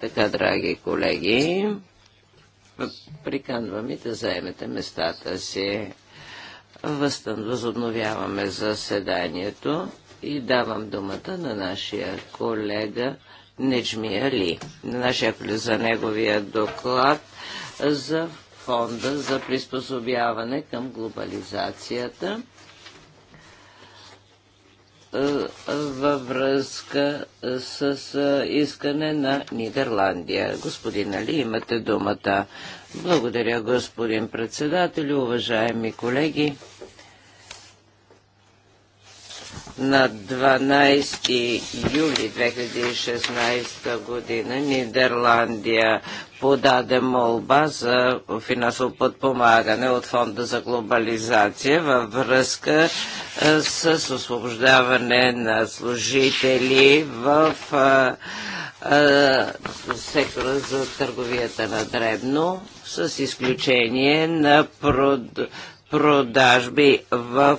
Така, драги колеги, приканваме да заемете местата си. Възстан, възобновяваме заседанието и давам думата на нашия колега Неджми Али, на нашия за неговия доклад за фонда за приспособяване към глобализацията във връзка с искане на Нидерландия. Господин Али, имате думата. Благодаря, господин председател, уважаеми колеги. На 12 юли 2016 година Нидерландия подаде молба за финансово подпомагане от Фонда за глобализация във връзка с освобождаване на служители в сектора за търговията на дребно, с изключение на прод продажби в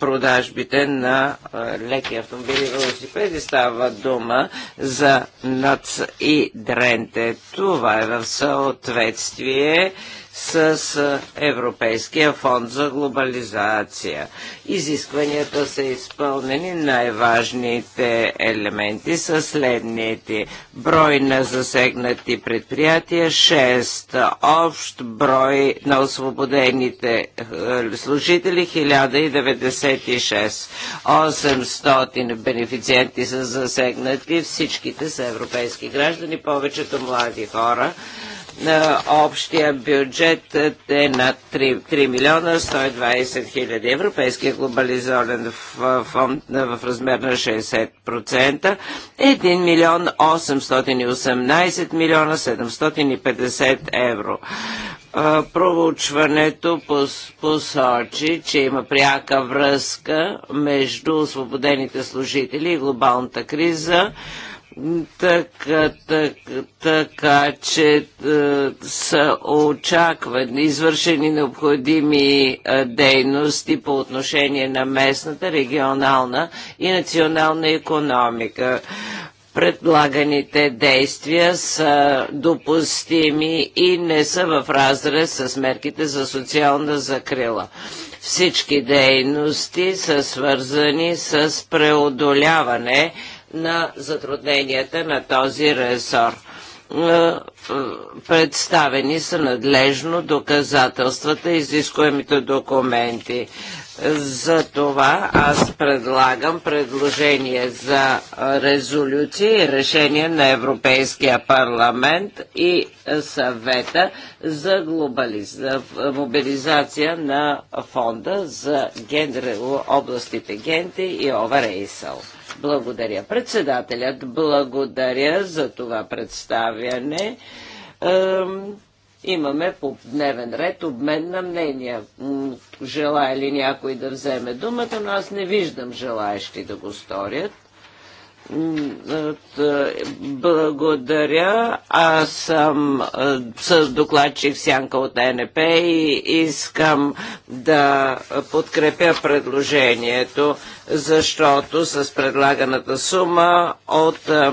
продажбите на леки автомобили и велосипеди. Става дума за НАЦ и Дренте. Това е в съответствие с Европейския фонд за глобализация. Изискванията са изпълнени. Най-важните елементи са следните. Брой на засегнати предприятия 6. Общ брой на освободените е, служители 1096. 800 бенефициенти са засегнати. Всичките са европейски граждани, повечето млади хора. Общия бюджет е над 3, 3 милиона 120 хиляди. Европейския глобализолен фонд в размер на 60%. 1 милион 818 милиона 750 евро проучването посочи, че има пряка връзка между освободените служители и глобалната криза така, така, така че е, са очаквани, извършени необходими а, е, дейности по отношение на местната, регионална и национална економика предлаганите действия са допустими и не са в разрез с мерките за социална закрила. Всички дейности са свързани с преодоляване на затрудненията на този ресор е, представени са надлежно доказателствата, изискуемите документи. За това аз предлагам предложение за резолюция и решение на Европейския парламент и съвета за, мобилизация на фонда за гендер... областите Генти и Ова благодаря. Председателят, благодаря за това представяне. Имаме по дневен ред обмен на мнения. Желая ли някой да вземе думата, но аз не виждам желаящи да го сторят. Е, благодаря. Аз съм е, с докладчик Сянка от НП и искам да подкрепя предложението, защото с предлаганата сума от е,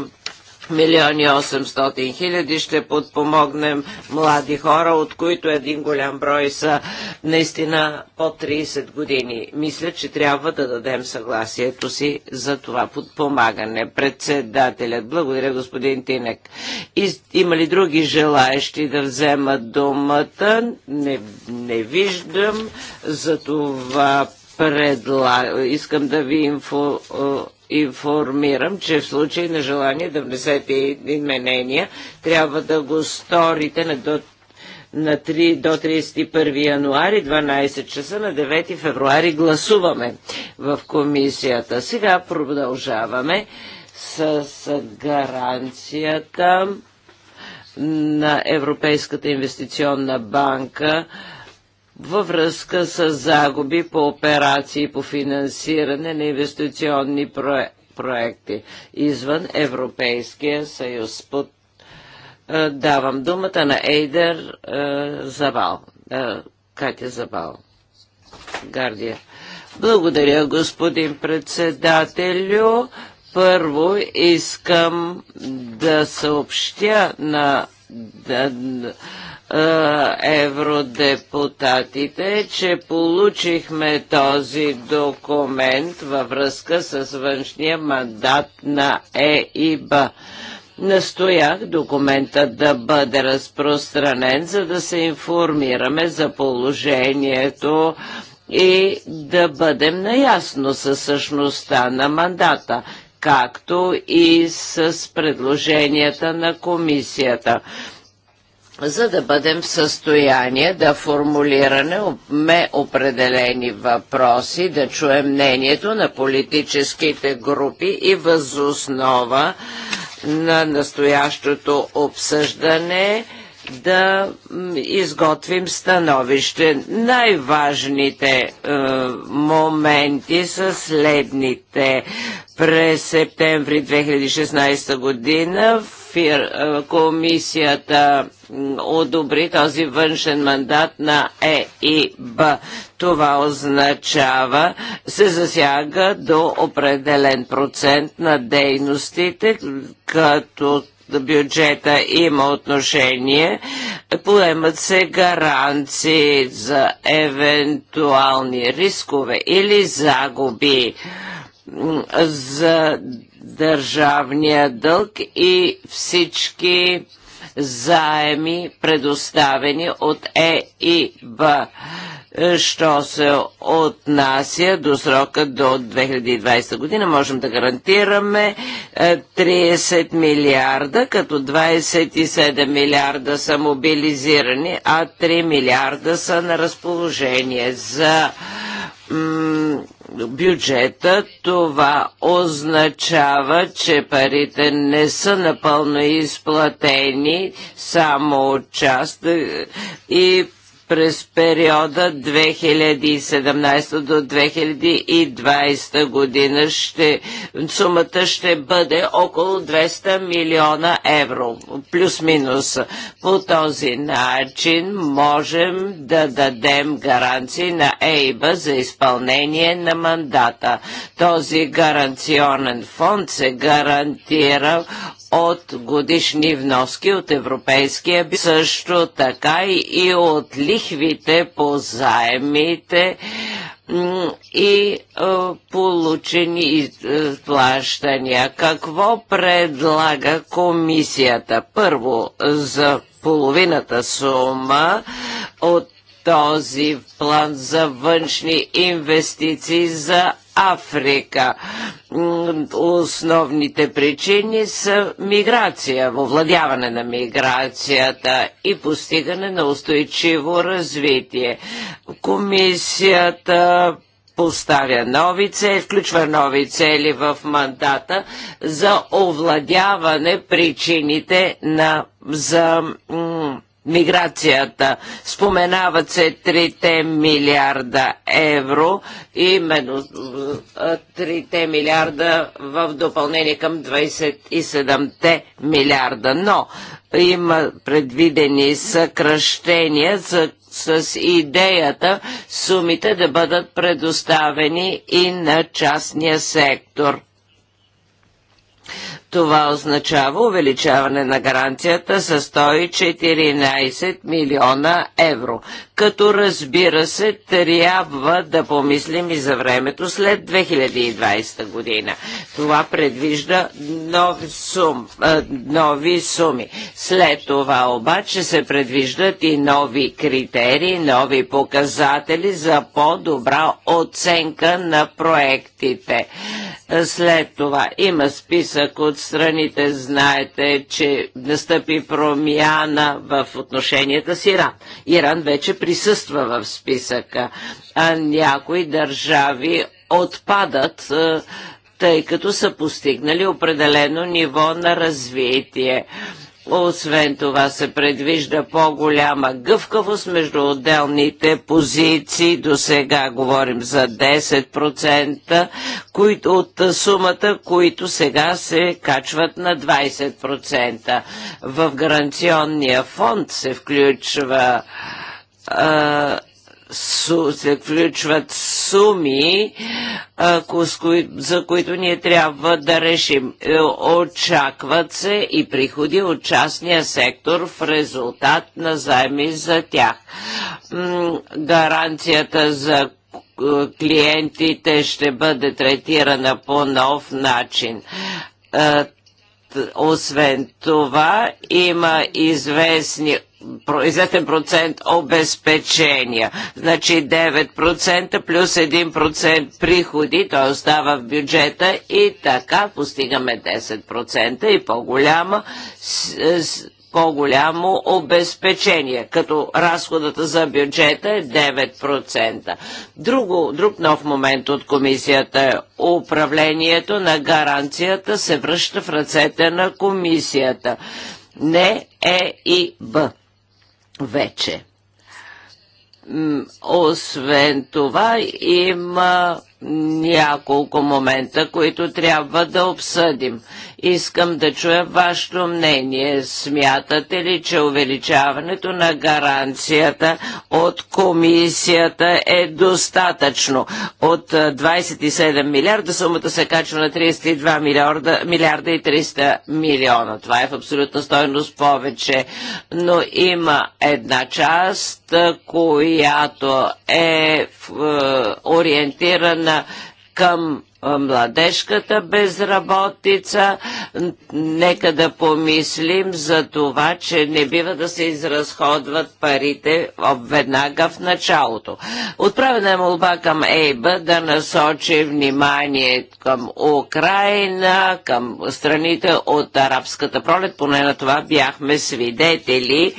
милиони 800 хиляди, ще подпомогнем млади хора, от които един голям брой са наистина по 30 години. Мисля, че трябва да дадем съгласието си за това подпомагане. Председателят, благодаря господин Тинек. И, има ли други желаещи да вземат думата? Не, не виждам. За това Предла... Искам да ви инфо... информирам, че в случай на желание да внесете изменения, трябва да го сторите на до на 3, до 31 януари, 12 часа на 9 февруари гласуваме в комисията. Сега продължаваме с гаранцията на Европейската инвестиционна банка във връзка с загуби по операции по финансиране на инвестиционни проекти проекти извън Европейския съюз. Под, е, давам думата на Ейдер е, Забал. Е, Катя Забал. Гардия. Благодаря, господин председателю. Първо искам да съобщя на, на, на е, евродепутатите, че получихме този документ във връзка с външния мандат на ЕИБ. Настоях документът да бъде разпространен, за да се информираме за положението и да бъдем наясно със същността на мандата, както и с предложенията на комисията за да бъдем в състояние да формулираме определени въпроси, да чуем мнението на политическите групи и възоснова на настоящото обсъждане да изготвим становище. Най-важните е, моменти са следните. През септември 2016 година в фир е, комисията одобри този външен мандат на ЕИБ. Това означава, се засяга до определен процент на дейностите, като бюджета има отношение, поемат се гаранции за евентуални рискове или загуби за държавния дълг и всички заеми, предоставени от ЕИБ. Е, що се отнася до срока до 2020 година, можем да гарантираме 30 е, милиарда, като 27 милиарда са мобилизирани, а 3 милиарда са на разположение за бюджета, това означава, че парите не са напълно изплатени, само от част е, и през периода 2017 до 2020 година ще, сумата ще бъде около 200 милиона евро, плюс-минус. По този начин можем да дадем гаранции на ЕИБА за изпълнение на мандата. Този гаранционен фонд се гарантира от годишни вноски от Европейския бюджет, също така и от лихвите по заемите и получени плащания. Какво предлага комисията? Първо, за половината сума от този план за външни инвестиции за Африка. Основните причини са миграция, овладяване на миграцията и постигане на устойчиво развитие. Комисията поставя нови цели, включва нови цели в мандата за овладяване причините на, за миграцията. Споменават се 3 милиарда евро, именно 3 милиарда в допълнение към 27 милиарда. Но има предвидени съкръщения за с идеята сумите да бъдат предоставени и на частния сектор. Това означава увеличаване на гаранцията с 114 милиона евро като разбира се, трябва да помислим и за времето след 2020 година. Това предвижда нови, сум, нови суми. След това обаче се предвиждат и нови критерии, нови показатели за по-добра оценка на проектите. След това има списък от страните, знаете, че настъпи промяна в отношенията с Иран. Иран вече при присъства в списъка, а някои държави отпадат е, тъй като са постигнали определено ниво на развитие. Освен това се предвижда по-голяма гъвкавост между отделните позиции. До сега говорим за 10% които, от сумата, които сега се качват на 20%. В гаранционния фонд се включва су, се включват суми, ако, кои, за които ние трябва да решим. Е, очакват се и приходи от частния сектор в резултат на заеми за тях. Гаранцията за е, клиентите ще бъде третирана по нов начин е, освен това, има известни известен процент обезпечения. Значи 9% плюс 1% приходи, той остава в бюджета и така постигаме 10% и по-голяма по-голямо обезпечение, като разходата за бюджета е 9%. Друго, друг нов момент от комисията е управлението на гаранцията се връща в ръцете на комисията. Не е и Б вече. Освен това има няколко момента, които трябва да обсъдим. Искам да чуя вашето мнение. Смятате ли, че увеличаването на гаранцията от комисията е достатъчно? От 27 милиарда сумата се качва на 32 милиарда, милиарда и 300 милиона. Това е в абсолютна стойност повече. Но има една част, която е, е ориентирана насочена към младежката безработица. Нека да помислим за това, че не бива да се изразходват парите веднага в началото. Отправена е молба към Ейба да насочи внимание към Украина, към страните от арабската пролет, поне на това бяхме свидетели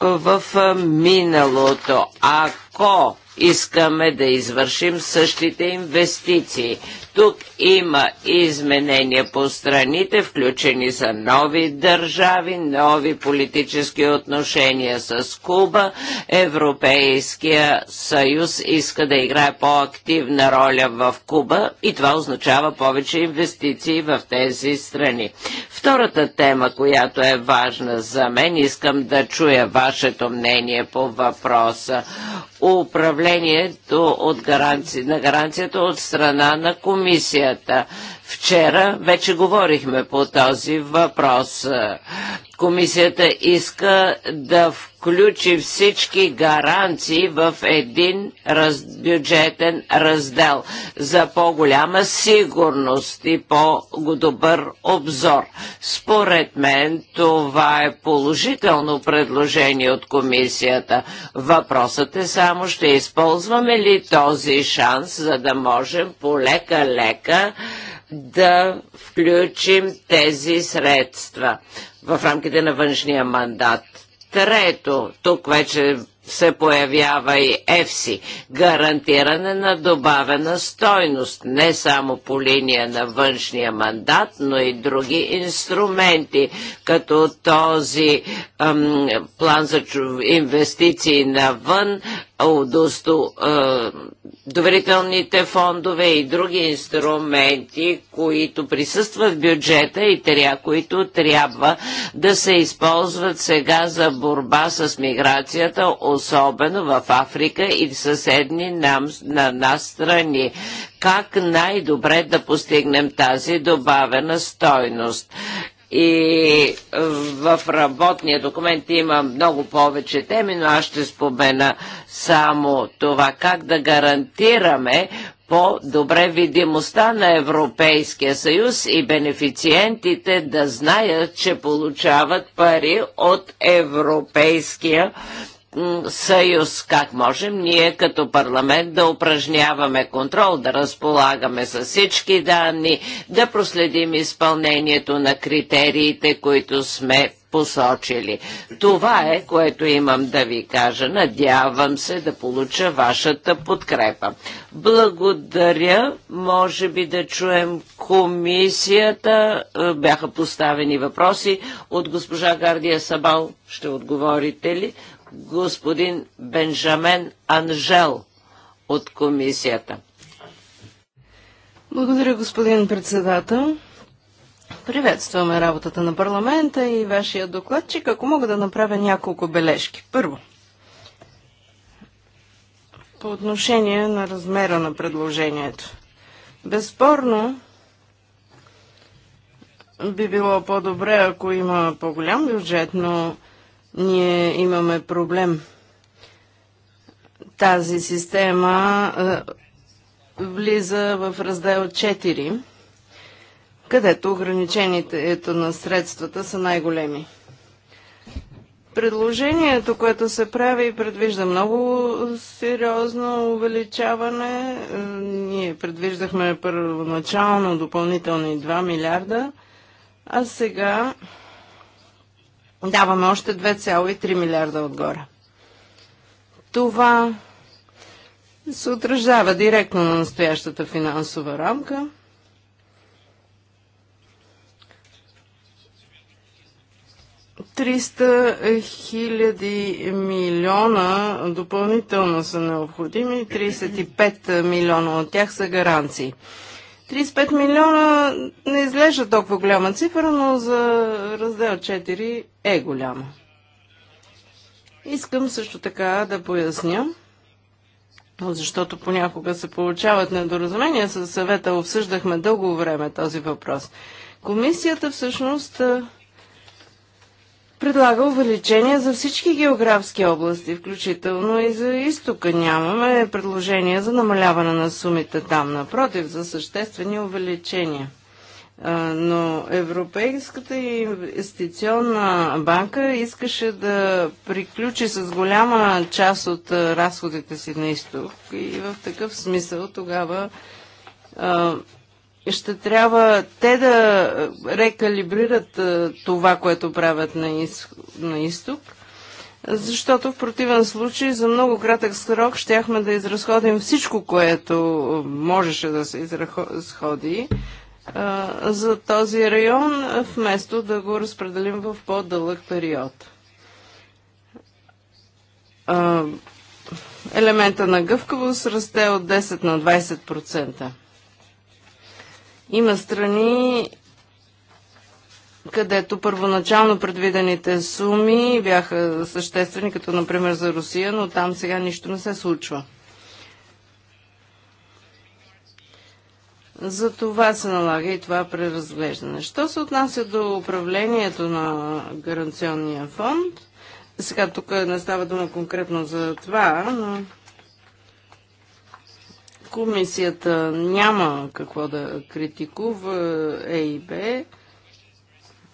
в миналото. Ако Искаме да извършим същите инвестиции. Тук има изменения по страните, включени са нови държави, нови политически отношения с Куба. Европейския съюз иска да играе по-активна роля в Куба и това означава повече инвестиции в тези страни. Втората тема, която е важна за мен, искам да чуя вашето мнение по въпроса. Управлението от гаранци... на гаранцията от страна на комисията комисията. Вчера вече говорихме по този въпрос. Комисията иска да включи всички гаранции в един раз, бюджетен раздел за по-голяма сигурност и по-добър обзор. Според мен това е положително предложение от комисията. Въпросът е само ще използваме ли този шанс, за да можем полека-лека лека да включим тези средства в рамките на външния мандат. Трето, тук вече се появява и ЕФСИ – гарантиране на добавена стойност, не само по линия на външния мандат, но и други инструменти, като този ам, план за инвестиции навън, удосто, доверителните фондове и други инструменти, които присъстват в бюджета и тря, които трябва да се използват сега за борба с миграцията, особено в Африка и в съседни нам, на нас страни. Как най-добре да постигнем тази добавена стойност? и е, в работния документ има много повече теми, но аз ще спомена само това как да гарантираме по-добре видимостта на Европейския съюз и бенефициентите да знаят, че получават пари от Европейския съюз, как можем ние като парламент да упражняваме контрол, да разполагаме с всички данни, да проследим изпълнението на критериите, които сме посочили. Това е, което имам да ви кажа. Надявам се да получа вашата подкрепа. Благодаря. Може би да чуем комисията. Е, бяха поставени въпроси от госпожа Гардия Сабал. Ще отговорите ли? господин Бенжамен Анжел от комисията. Благодаря, господин председател. Приветстваме работата на парламента и вашия докладчик. Ако мога да направя няколко бележки. Първо, по отношение на размера на предложението. Безспорно, би било по-добре, ако има по-голям бюджет, но ние имаме проблем. Тази система е, влиза в раздел 4, където ето на средствата са най-големи. Предложението, което се прави, предвижда много сериозно увеличаване. Е, ние предвиждахме първоначално допълнителни 2 милиарда, а сега даваме още 2,3 милиарда отгоре. Това се отражава директно на настоящата финансова рамка. Триста хиляди милиона допълнително са необходими, 35 милиона от тях са гаранции. 35 милиона не изглежда толкова голяма цифра, но за раздел 4 е голяма. Искам също така да поясня, защото понякога се получават недоразумения с съвета, обсъждахме дълго време този въпрос. Комисията всъщност предлага увеличение за всички географски области, включително и за изтока. Нямаме предложение за намаляване на сумите там, напротив, за съществени увеличения. Но Европейската инвестиционна банка искаше да приключи с голяма част от разходите си на изток и в такъв смисъл тогава ще трябва те да рекалибрират е, това, което правят на, из, на изток, защото в противен случай за много кратък срок щяхме да изразходим всичко, което е, можеше да се изразходи е, за този район, вместо да го разпределим в по-дълъг период. елемента на гъвкавост расте от 10 на 20%. Има страни, където първоначално предвидените суми бяха съществени, като например за Русия, но там сега нищо не се случва. За това се налага и това преразглеждане. Що се отнася до управлението на гаранционния фонд? Сега тук не става дума конкретно за това, но Комисията няма какво да критикува ЕИБ.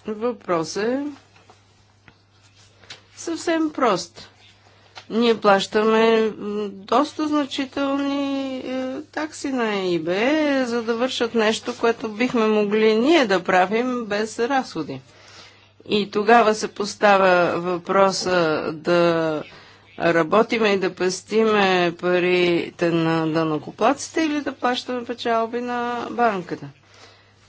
Въпросът е съвсем прост. Ние плащаме доста значителни е, такси на ЕИБ, за да вършат нещо, което бихме могли ние да правим без разходи. И тогава се поставя въпроса да работиме и да пестиме парите на данокоплаците или да плащаме печалби на банката.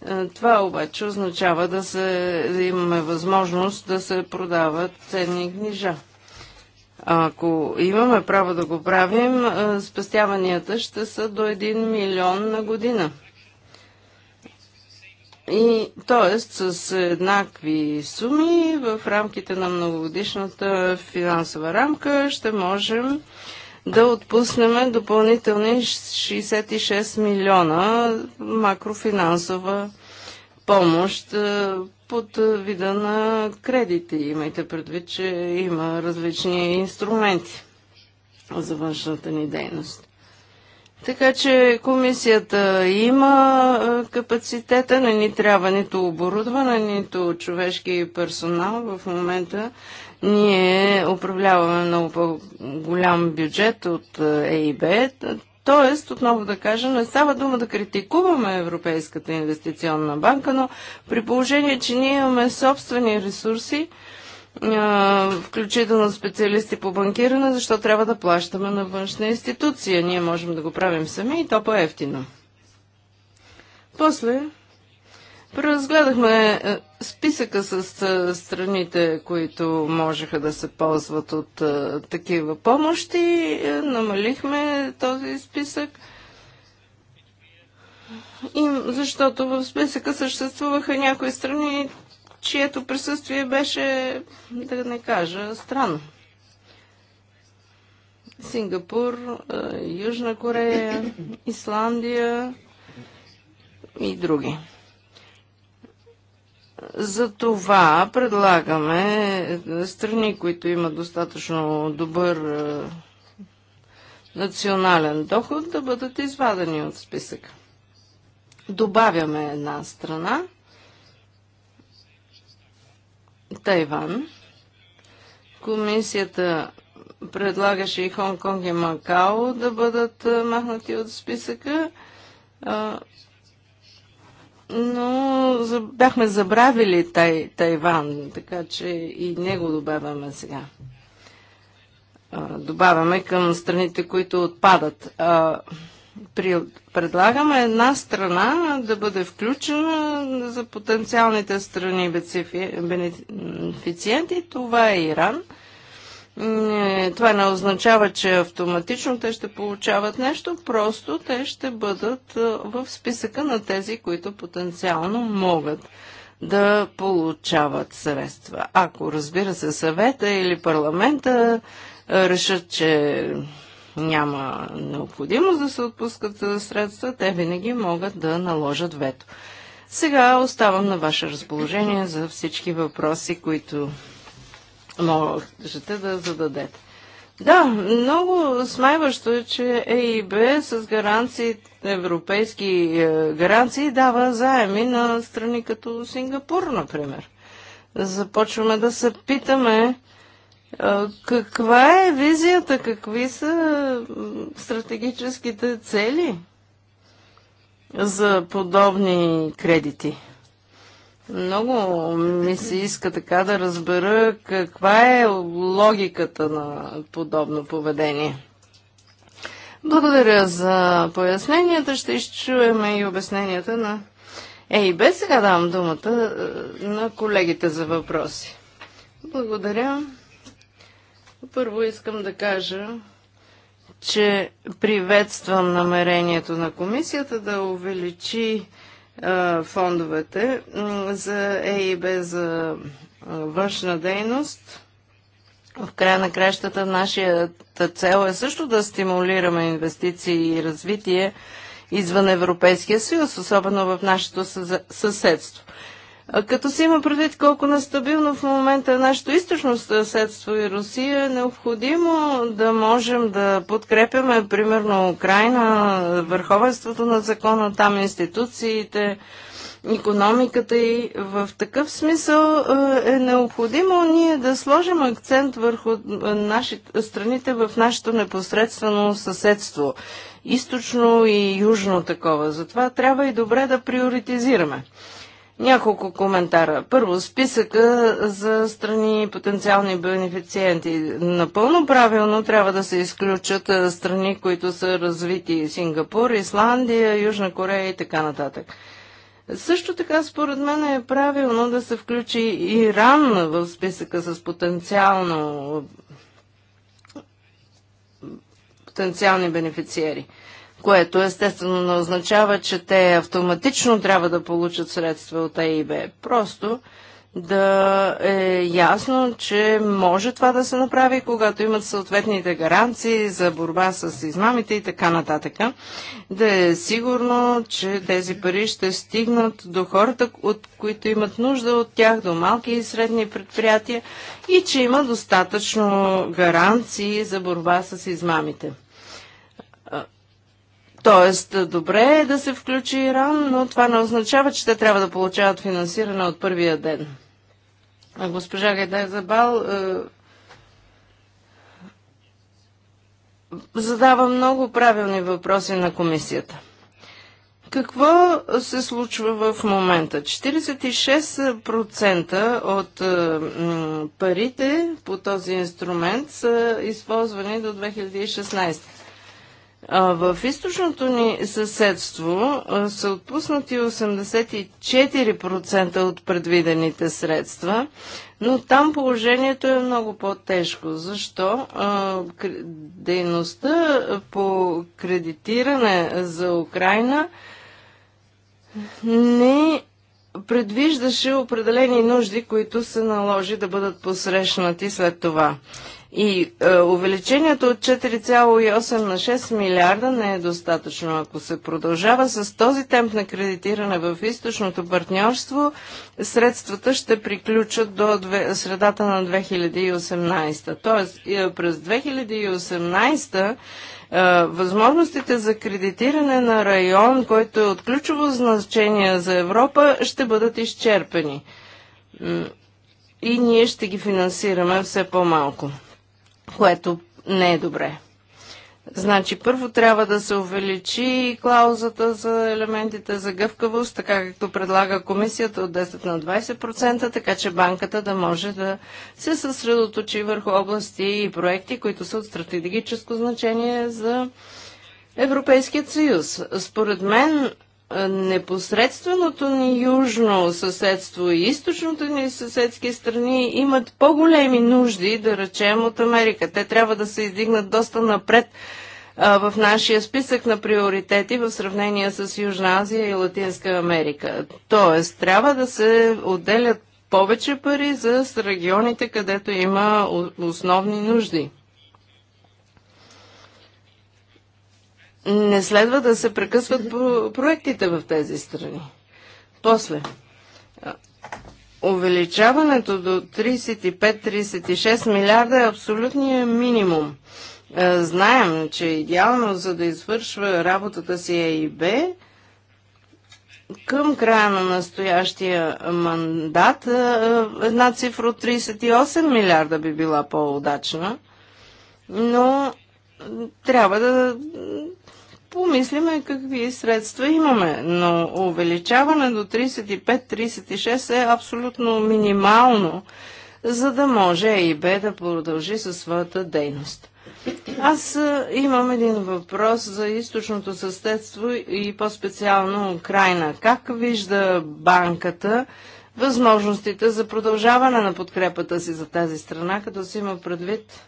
Е, това обаче означава да, се, да имаме възможност да се продават ценни книжа. Ако имаме право да го правим, е, спестяванията ще са до 1 милион на година. И, тоест, с еднакви суми в рамките на многогодишната финансова рамка ще можем да отпуснем допълнителни 66 милиона макрофинансова помощ е, под вида на кредити. Имайте предвид, че има различни инструменти за външната ни дейност. Така че комисията има е, капацитета, не ни трябва нито оборудване, нито човешки персонал. В момента ние управляваме много по-голям бюджет от е, ЕИБ. Тоест, отново да кажа, не става дума да критикуваме Европейската инвестиционна банка, но при положение, че ние имаме собствени ресурси, включително специалисти по банкиране, защо трябва да плащаме на външна институция. Ние можем да го правим сами и то по-ефтино. После преразгледахме е, списъка с е, страните, които можеха да се ползват от е, такива помощи. Намалихме този списък. И защото в списъка съществуваха някои страни, чието присъствие беше, да не кажа, странно. Сингапур, Южна Корея, Исландия и други. За това предлагаме страни, които имат достатъчно добър национален доход, да бъдат извадени от списъка. Добавяме една страна – Тайван. Комисията предлагаше и Хонг-Конг и Макао да бъдат махнати от списъка, но бяхме забравили Тай, Тайван, така че и него добавяме сега. Добавяме към страните, които отпадат предлагаме една страна да бъде включена за потенциалните страни бенефициенти. Това е Иран. Е, това не означава, че автоматично те ще получават нещо, просто те ще бъдат е, в списъка на тези, които потенциално могат да получават средства. Ако, разбира се, съвета или парламента е, решат, че няма необходимост да се отпускат средства, те винаги могат да наложат вето. Сега оставам на ваше разположение за всички въпроси, които можете да зададете. Да, много смайващо е, че ЕИБ с гаранции, европейски е, гаранции дава заеми на страни като Сингапур, например. Започваме да се питаме каква е визията? Какви са стратегическите цели за подобни кредити? Много ми се иска така да разбера каква е логиката на подобно поведение. Благодаря за поясненията. Ще изчуем и обясненията на Ей, без сега давам думата на колегите за въпроси. Благодаря. Първо искам да кажа, че приветствам намерението на комисията да увеличи а, фондовете за ЕИБ за външна дейност. В края на кращата нашата цел е също да стимулираме инвестиции и развитие извън Европейския съюз, особено в нашето съседство. Като се има предвид колко настабилно в момента е нашето източно съседство и Русия, е необходимо да можем да подкрепяме, примерно, Украина, върховенството на закона, там институциите, економиката и в такъв смисъл е необходимо ние да сложим акцент върху нашите, страните в нашето непосредствено съседство. Източно и южно такова. Затова трябва и добре да приоритизираме. Няколко коментара. Първо, списъка за страни и потенциални бенефициенти. Напълно правилно трябва да се изключат страни, които са развити Сингапур, Исландия, Южна Корея и така нататък. Също така, според мен е правилно да се включи Иран в списъка с потенциално потенциални бенефициери което естествено не означава, че те автоматично трябва да получат средства от АИБ. Просто да е ясно, че може това да се направи, когато имат съответните гаранции за борба с измамите и така нататък. Да е сигурно, че тези пари ще стигнат до хората, от които имат нужда от тях, до малки и средни предприятия и че има достатъчно гаранции за борба с измамите. Тоест, добре е да се включи Иран, но това не означава, че те трябва да получават финансиране от първия ден. А госпожа Гайдай Забал е, задава много правилни въпроси на комисията. Какво се случва в момента? 46% от е, парите по този инструмент са използвани до 2016. В източното ни съседство са отпуснати 84% от предвидените средства, но там положението е много по-тежко. Защо? Дейността по кредитиране за Украина не предвиждаше определени нужди, които се наложи да бъдат посрещнати след това. И е, увеличението от 4,8 на 6 милиарда не е достатъчно. Ако се продължава с този темп на кредитиране в източното партньорство, средствата ще приключат до две, средата на 2018. Тоест, е, през 2018 е, възможностите за кредитиране на район, който е от ключово значение за Европа, ще бъдат изчерпени. И ние ще ги финансираме все по-малко което не е добре. Значи първо трябва да се увеличи клаузата за елементите за гъвкавост, така както предлага комисията от 10 на 20%, така че банката да може да се съсредоточи върху области и проекти, които са от стратегическо значение за Европейският съюз. Според мен непосредственото ни южно съседство и източното ни съседски страни имат по-големи нужди, да речем, от Америка. Те трябва да се издигнат доста напред в нашия списък на приоритети в сравнение с Южна Азия и Латинска Америка. Тоест, трябва да се отделят повече пари за регионите, където има основни нужди. не следва да се прекъсват проектите в тези страни. После, увеличаването до 35-36 милиарда е абсолютният минимум. Знаем, че идеално за да извършва работата си ЕИБ, към края на настоящия мандат една цифра от 38 милиарда би била по-удачна, но трябва да помислиме какви средства имаме, но увеличаване до 35-36 е абсолютно минимално, за да може ЕИБ да продължи със своята дейност. Аз имам един въпрос за източното съседство и по-специално Украина. Как вижда банката възможностите за продължаване на подкрепата си за тази страна, като си има предвид,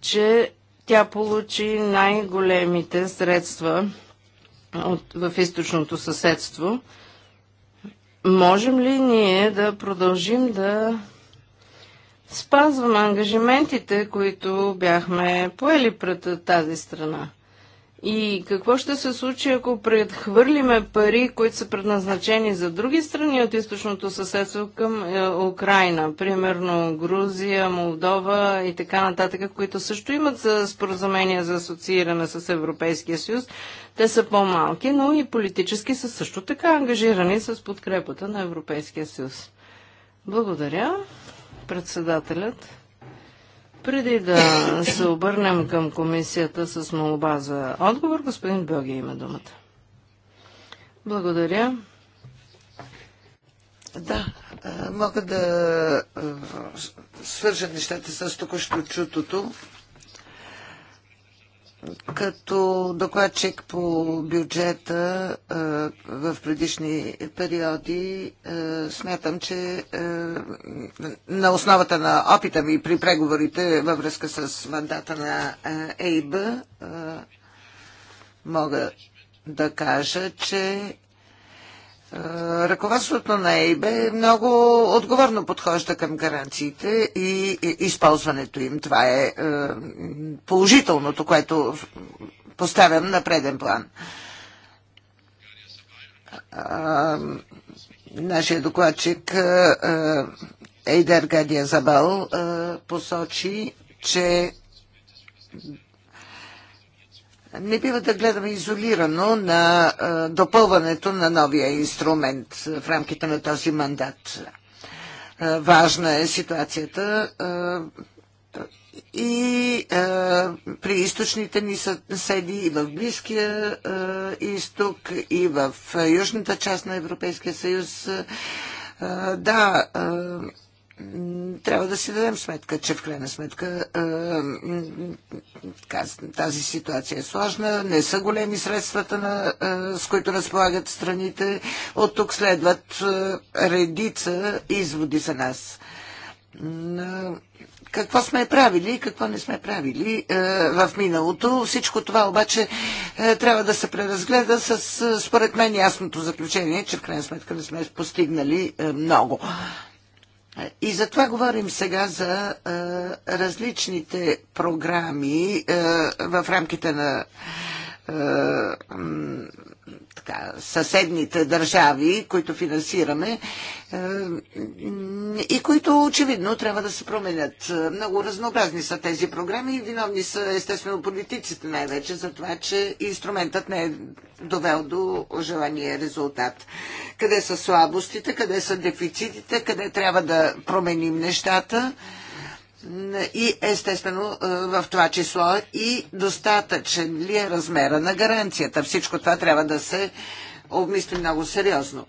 че тя получи най-големите средства от, в източното съседство. Можем ли ние да продължим да спазваме ангажиментите, които бяхме поели пред тази страна? И какво ще се случи, ако предхвърлиме пари, които са предназначени за други страни от източното съседство към е, Украина, примерно Грузия, Молдова и така нататък, които също имат за споразумения за асоцииране с Европейския съюз. Те са по-малки, но и политически са също така ангажирани с подкрепата на Европейския съюз. Благодаря, председателят. Преди да се обърнем към комисията с молба за отговор, господин Бълги има думата. Благодаря. Да, мога да свържа нещата с току-що чутото като докладчик по бюджета в предишни периоди смятам, че на основата на опита ми при преговорите във връзка с мандата на ЕИБ мога да кажа, че е, ръководството на ЕИБ много отговорно подхожда към гаранциите и използването им. Това е, е положителното, което поставям на преден план. Е, нашия докладчик Ейдер Гадия Забал посочи, че не бива да гледаме изолирано на допълването на новия инструмент в рамките на този мандат. Важна е ситуацията и при източните ни съседи, и в Близкия изток, и в южната част на Европейския съюз. Да, трябва да си дадем сметка, че в крайна сметка тази ситуация е сложна, не са големи средствата, на, с които разполагат страните. От тук следват редица изводи за нас. Какво сме правили и какво не сме правили в миналото. Всичко това обаче трябва да се преразгледа с, според мен, ясното заключение, че в крайна сметка не сме постигнали много. И затова говорим сега за а, различните програми а, в рамките на а, така, съседните държави, които финансираме е, и които очевидно трябва да се променят. Много разнообразни са тези програми и виновни са естествено политиците най-вече за това, че инструментът не е довел до желания резултат. Къде са слабостите, къде са дефицитите, къде трябва да променим нещата – и естествено е, в това число и достатъчен ли е размера на гаранцията. Всичко това трябва да се обмисли много сериозно.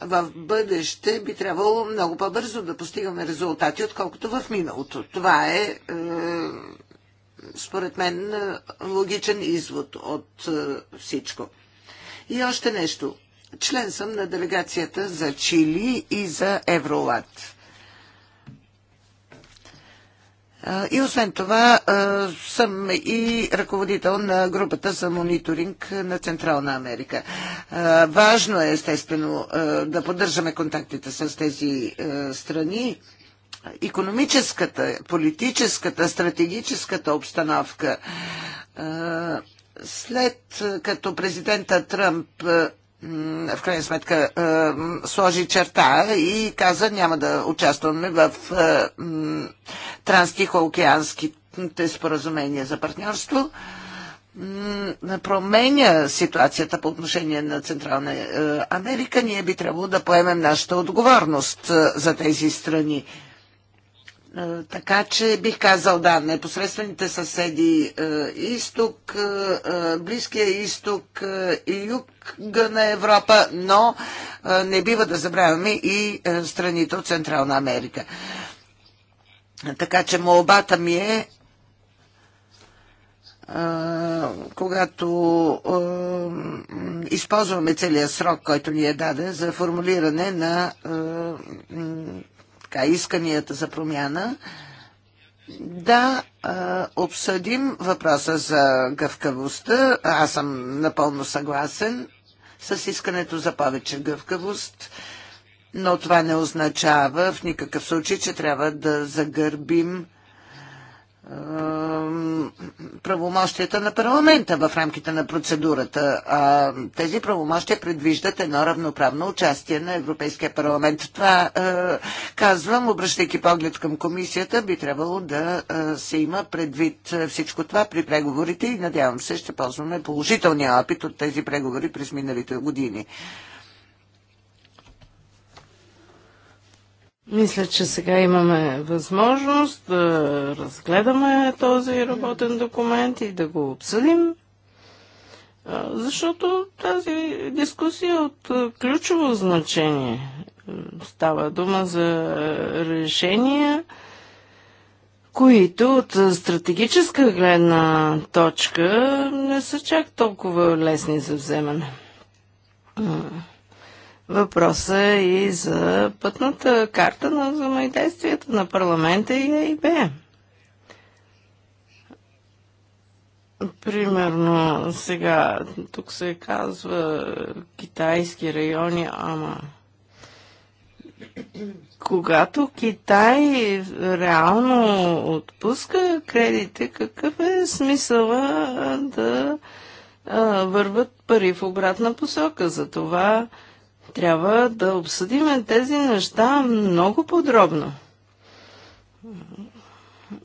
В бъдеще би трябвало много по-бързо да постигаме резултати, отколкото в миналото. Това е, е според мен, логичен извод от е, всичко. И още нещо. Член съм на делегацията за Чили и за Евролат. И освен това съм и ръководител на групата за мониторинг на Централна Америка. Важно е, естествено, да поддържаме контактите с тези страни. Економическата, политическата, стратегическата обстановка след като президента Тръмп в крайна сметка е, сложи черта и каза няма да участваме в е, транстихоокеанските споразумения за партньорство. Променя ситуацията по отношение на Централна е, Америка. Ние би трябвало да поемем нашата отговорност за тези страни. Е, така че бих казал да, непосредствените съседи е, изток, е, Близкия изток и юг на Европа, но не бива да забравяме и страните от Централна Америка. Така че молбата ми е, когато използваме целият срок, който ни е даден за формулиране на така, исканията за промяна, да а, обсъдим въпроса за гъвкавостта. Аз съм напълно съгласен с искането за повече гъвкавост, но това не означава в никакъв случай, че трябва да загърбим правомощията на парламента в рамките на процедурата. А тези правомощия предвиждат едно равноправно участие на Европейския парламент. Това а, казвам, обръщайки поглед към комисията, би трябвало да се има предвид всичко това при преговорите и надявам се ще ползваме положителния опит от тези преговори през миналите години. Мисля, че сега имаме възможност да разгледаме този работен документ и да го обсъдим, защото тази дискусия е от ключово значение. Става дума за решения, които от стратегическа гледна точка не са чак толкова лесни за вземане въпроса е и за пътната карта на взаимодействието на парламента и ЕИБ. Примерно сега тук се казва китайски райони, ама когато Китай реално отпуска кредите, какъв е смисъла да а, върват пари в обратна посока? За това а, трябва да обсъдим тези неща много подробно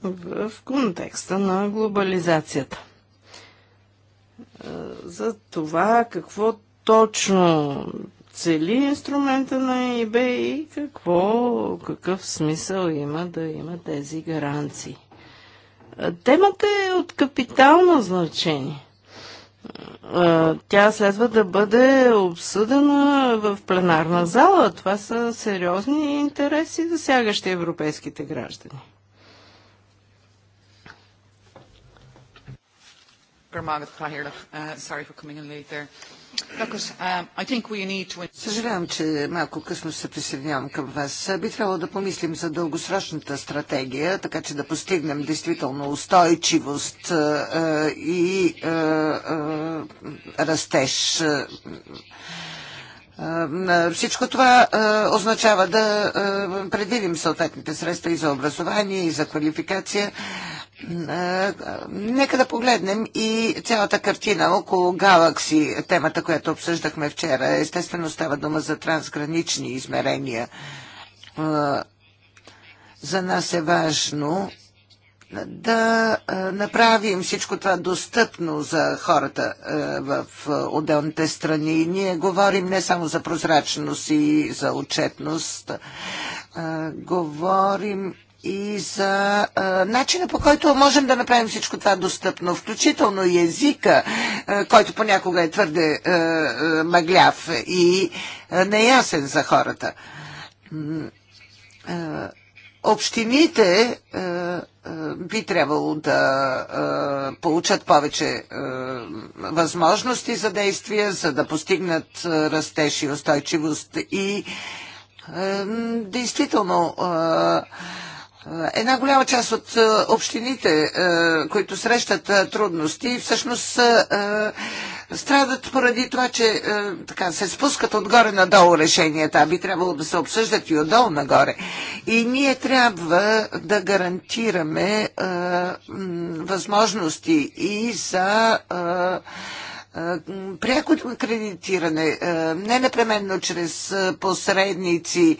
в контекста на глобализацията. За това какво точно цели инструмента на ИБ и какво, какъв смисъл има да има тези гаранции. Темата е от капитално значение тя следва да бъде обсъдена в пленарна зала. Това са сериозни интереси, засягащи европейските граждани. uh, sorry for coming in late there. Um, Съжалявам, че малко късно се присъединявам към вас. Би трябвало да помислим за дългосрочната стратегия, така че да постигнем действително устойчивост и растеж. Всичко това означава да предвидим съответните средства и за образование, и за квалификация. Нека да погледнем и цялата картина около Галакси, темата, която обсъждахме вчера. Естествено става дума за трансгранични измерения. За нас е важно да направим всичко това достъпно за хората в отделните страни. Ние говорим не само за прозрачност и за отчетност, говорим и за а, начина по който можем да направим всичко това достъпно, включително и езика, а, който понякога е твърде а, мъгляв и а, неясен за хората. общините би трябвало да получат повече възможности за действия, за да постигнат а, растеж и устойчивост и действително е, една голяма част от е, общините, е, които срещат трудности, всъщност страдат поради това, че така, се спускат отгоре надолу решенията, а би трябвало да се обсъждат и отдолу нагоре. И ние трябва да гарантираме възможности и за пряко кредитиране, не непременно чрез посредници,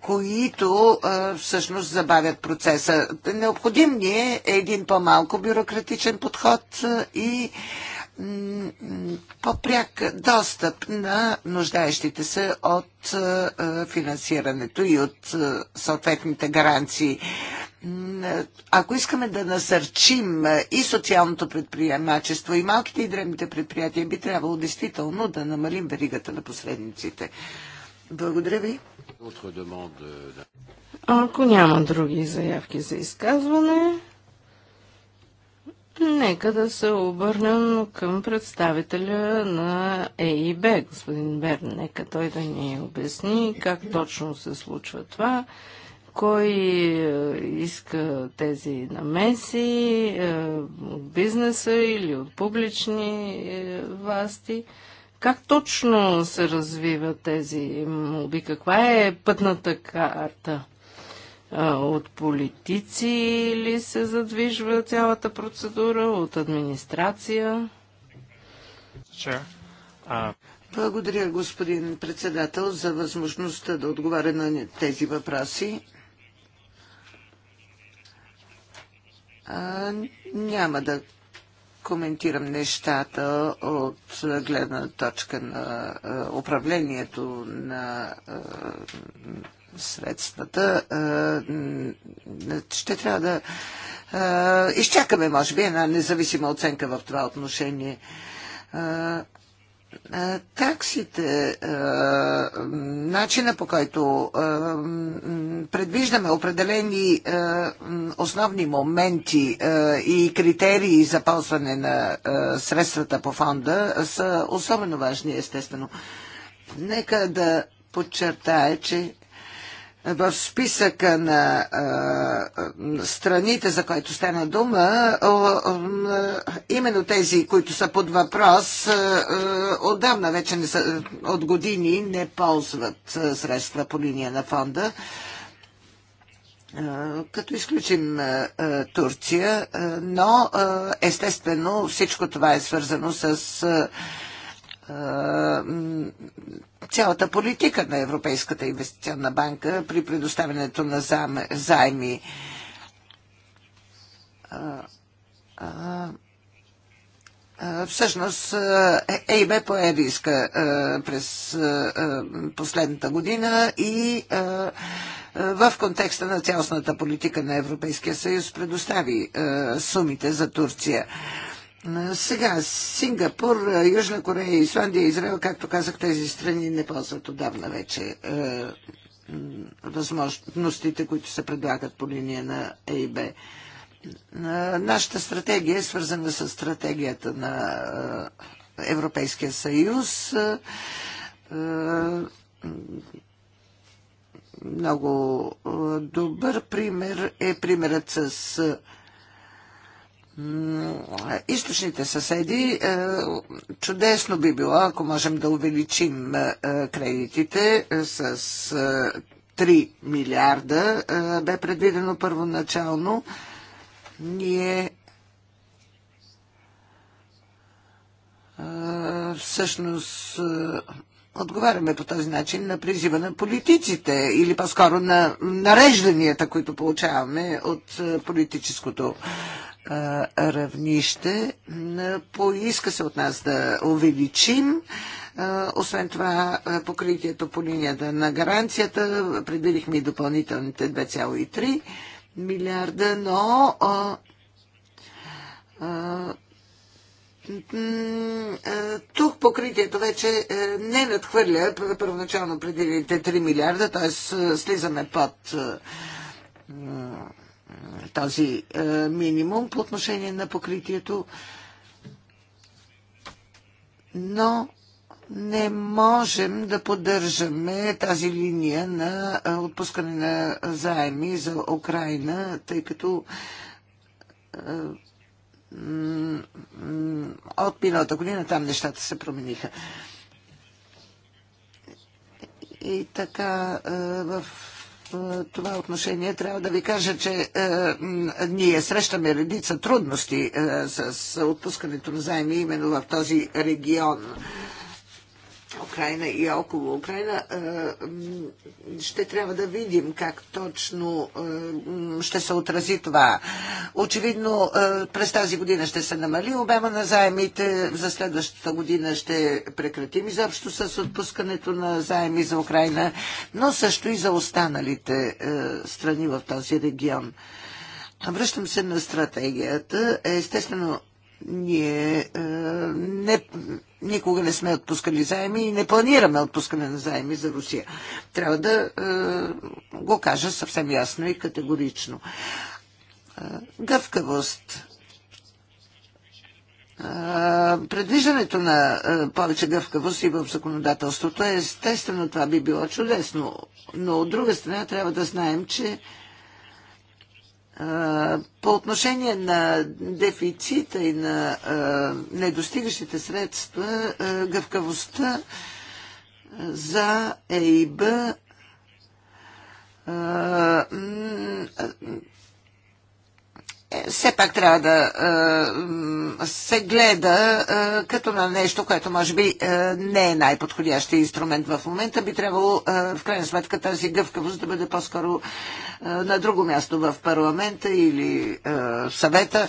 които всъщност забавят процеса. Необходим ни е един по-малко бюрократичен подход и по-пряк достъп на нуждаещите се от финансирането и от съответните гаранции ако искаме да насърчим и социалното предприемачество, и малките и древните предприятия, би трябвало действително да намалим веригата на посредниците. Благодаря ви. Ако няма други заявки за изказване, нека да се обърнем към представителя на ЕИБ, господин Берн. Нека той да ни обясни как точно се случва това кой е, иска тези намеси е, от бизнеса или от публични е, власти? Как точно се развиват тези молби? Каква е пътната карта? От политици ли се задвижва цялата процедура? От администрация? Sure. Uh... Благодаря, господин председател, за възможността да отговаря на тези въпроси. А, няма да коментирам нещата от гледна точка на управлението на средствата. Ще трябва да изчакаме, може би, една независима оценка в това отношение таксите, начина по който предвиждаме определени основни моменти и критерии за ползване на средствата по фонда са особено важни, естествено. Нека да подчертая, че в списъка на а, страните, за които стана дума, а, а, именно тези, които са под въпрос, а, отдавна вече не са, от години не ползват средства по линия на фонда. Като изключим Турция, но естествено всичко това е свързано с цялата политика на Европейската инвестиционна банка при предоставянето на заеми. Всъщност е, е, ЕИБ пое риска през последната година и в контекста на цялостната политика на Европейския съюз предостави сумите за Турция. Сега Сингапур, Южна Корея, Исландия, Израел, както казах, тези страни не ползват отдавна вече е, възможностите, които се предлагат по линия на ЕИБ. Нашата стратегия е свързана с стратегията на Европейския съюз. Много добър пример е примерът с източните съседи, е, чудесно би било, ако можем да увеличим е, е, кредитите с 3 милиарда, бе предвидено първоначално. Ние всъщност отговаряме по този начин на призива на политиците или по-скоро на нарежданията, които получаваме от политическото равнище. Поиска се от нас да увеличим. Освен това, покритието по линията на гаранцията предвидихме и допълнителните 2,3 милиарда, но тук покритието вече е, не надхвърля първоначално предвидените 3 милиарда, т.е. слизаме под този е, минимум по отношение на покритието, но не можем да поддържаме тази линия на е, отпускане на заеми за Украина, тъй като е, от миналата година там нещата се промениха. И така в е, това отношение трябва да ви кажа, че е, ние срещаме редица трудности е, с отпускането на заеми именно в този регион. Украина и около Украина, ще трябва да видим как точно ще се отрази това. Очевидно, през тази година ще се намали обема на заемите, за следващата година ще прекратим изобщо с отпускането на заеми за Украина, но също и за останалите страни в този регион. Връщам се на стратегията. Естествено, ние е, не, никога не сме отпускали заеми и не планираме отпускане на заеми за Русия. Трябва да е, го кажа съвсем ясно и категорично. Е, гъвкавост. Е, предвиждането на е, повече гъвкавост и в законодателството е естествено това би било чудесно, но от друга страна трябва да знаем, че по отношение на дефицита и на недостигащите средства, гъвкавостта за ЕИБ е, все пак трябва да е, се гледа е, като на нещо, което може би е, не е най-подходящия инструмент в момента. Би трябвало е, в крайна сметка тази гъвкавост да бъде по-скоро е, на друго място в парламента или е, съвета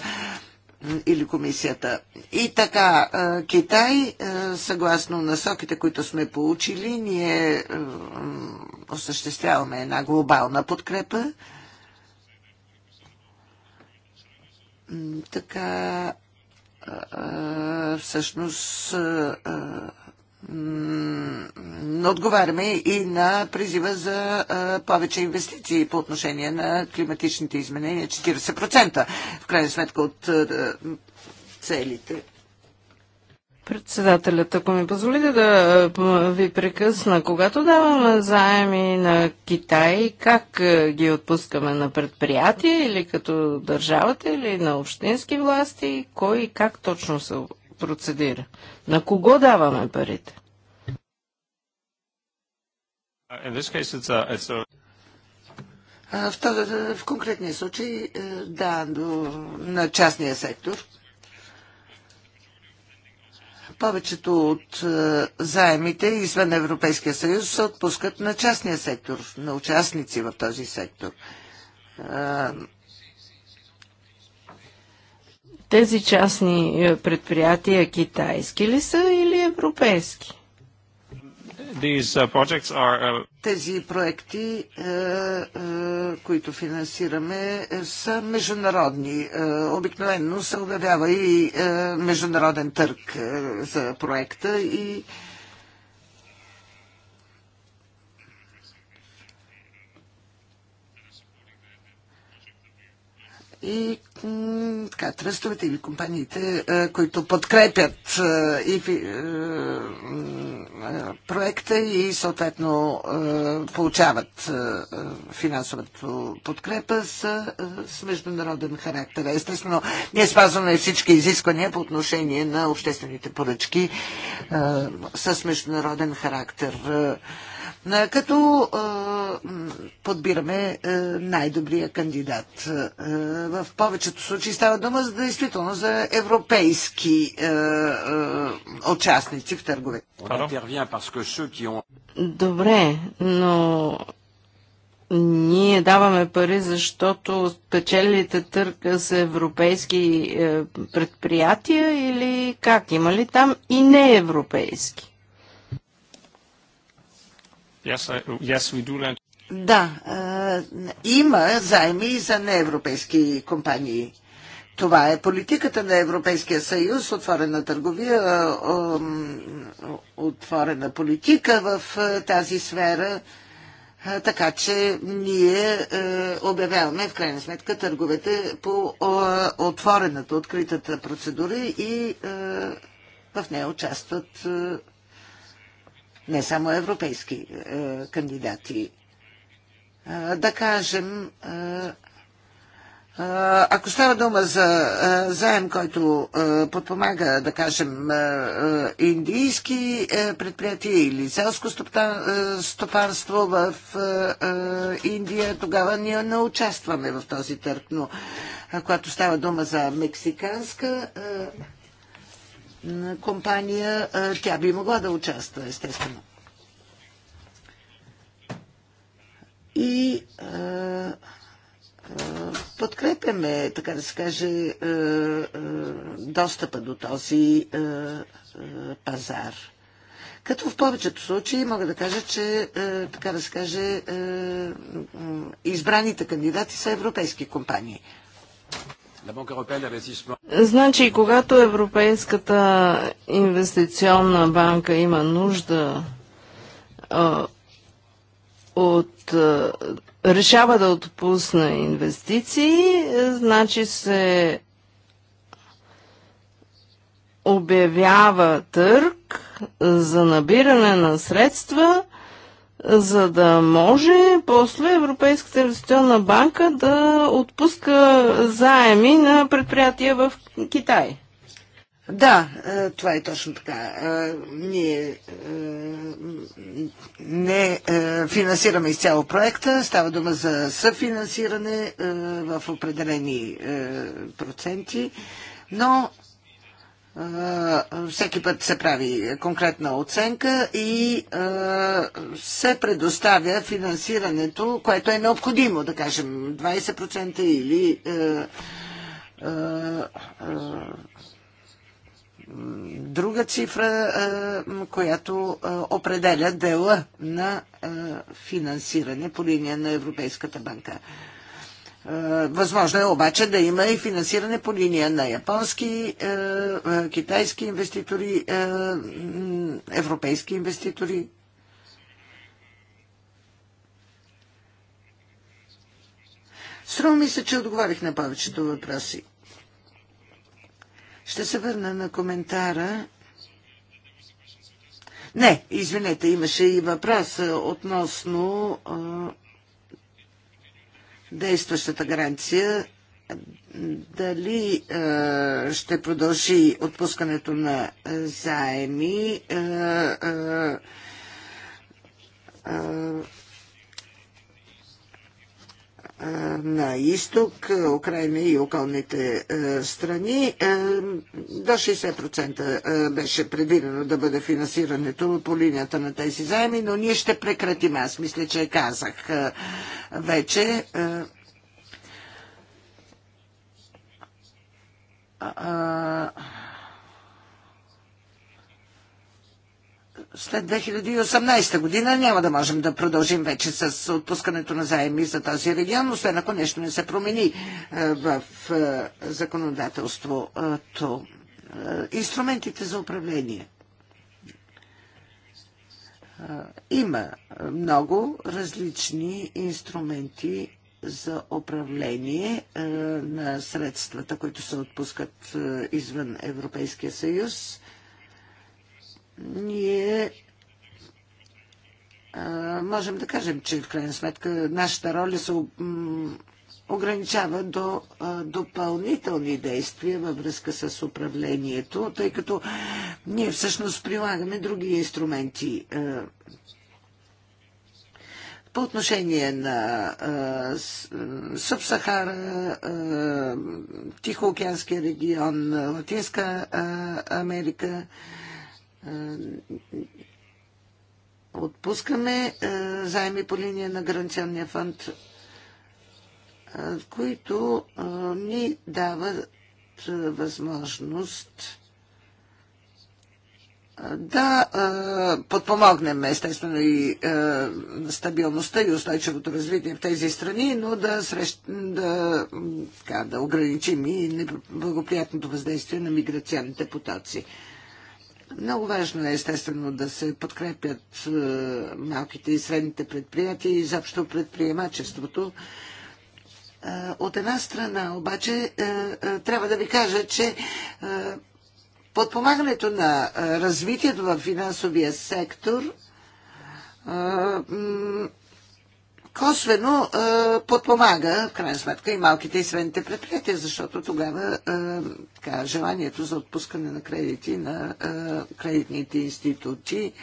или комисията. И така, е, Китай, е, съгласно насоките, които сме получили, ние осъществяваме една глобална подкрепа така всъщност отговаряме и на призива за повече инвестиции по отношение на климатичните изменения 40% в крайна сметка от целите Председателят, ако ми позволите да е, ви прекъсна, когато даваме заеми на Китай, как е, ги отпускаме на предприятия или като държавата или на общински власти, кой и как точно се процедира? На кого даваме парите? Uh, it's a, it's a... В, този, в конкретния случай, е, да, на частния сектор повечето от е, заемите извън Европейския съюз се отпускат на частния сектор, на участници в този сектор. Е, тези частни е, предприятия китайски ли са или европейски? These uh, projects are... Uh, Тези проекти, е, е, които финансираме, е, са международни. обикновено се обявява и международен търг за проекта и и така, тръстовете или компаниите, които подкрепят и проекта и съответно получават финансовата подкрепа с, с международен характер. Естествено, ние спазваме всички изисквания по отношение на обществените поръчки с международен характер като подбираме най-добрия кандидат. В повечето случаи става дума за действително за европейски участници в търгове. Добре, но ние даваме пари, защото печелите търка са европейски е, предприятия или как? Има ли там и неевропейски? Yes, I, yes, we do lend. Да, има заеми и за неевропейски компании. Това е политиката на Европейския съюз, отворена търговия, отворена политика в тази сфера. Така че ние обявяваме в крайна сметка търговете по отворената, откритата процедура и в нея участват не само европейски е, кандидати. Е, да кажем, е, ако става дума за заем, който подпомага, да кажем, индийски предприятия или селско стопанство в Индия, тогава ние не участваме в този търк. Но когато става дума за мексиканска компания, тя би могла да участва, естествено. И подкрепяме, така да се каже, достъпа до този пазар. Като в повечето случаи мога да кажа, че, така да се каже, избраните кандидати са европейски компании. Значи, когато Европейската инвестиционна банка има нужда от решава да отпусне инвестиции, значи се обявява търг за набиране на средства за да може после Европейската инвестиционна банка да отпуска заеми на предприятия в Китай. Да, е, това е точно така. Е, ние е, не финансираме изцяло проекта, става дума за съфинансиране в определени проценти, но всеки път се прави конкретна оценка и се предоставя финансирането, което е необходимо, да кажем 20% или друга цифра, която определя дела на финансиране по линия на Европейската банка е, възможно е обаче да има и финансиране по линия на японски, е, е, китайски инвеститори, европейски инвеститори. Струва ми се, че отговарих на повечето въпроси. Ще се върна на коментара. Не, извинете, имаше и въпрос относно действащата гаранция дали е, ще продължи отпускането на е, заеми. Е, е, е на изток, Украина и околните страни. До 60% беше предвидено да бъде финансирането по линията на тези заеми, но ние ще прекратим. Аз мисля, че казах вече. А, след 2018 година няма да можем да продължим вече с отпускането на заеми за този регион, освен ако нещо не се промени е, в е, законодателството. Е, инструментите за управление. Има много различни инструменти за управление на средствата, които се отпускат извън Европейския съюз ние можем да кажем, че в крайна сметка нашата роля се ограничава до допълнителни действия във връзка с управлението, тъй като ние всъщност прилагаме други инструменти. По отношение на Субсахара, Тихоокеанския регион, Латинска Америка, отпускаме е, заеми по линия на гаранционния фонд, е, които е, ни дават възможност да подпомогнем естествено и стабилността и устойчивото развитие в тези страни, но да, срещ, да, така, да ограничим и неблагоприятното въздействие на миграционните потоци. Много важно е, естествено, да се подкрепят е, малките и средните предприятия и изобщо предприемачеството. Е, от една страна, обаче, е, трябва да ви кажа, че подпомагането на развитието в финансовия сектор косвено подпомага, в крайна сметка, и малките и средните предприятия, защото тогава така, желанието за отпускане на кредити на кредитните институти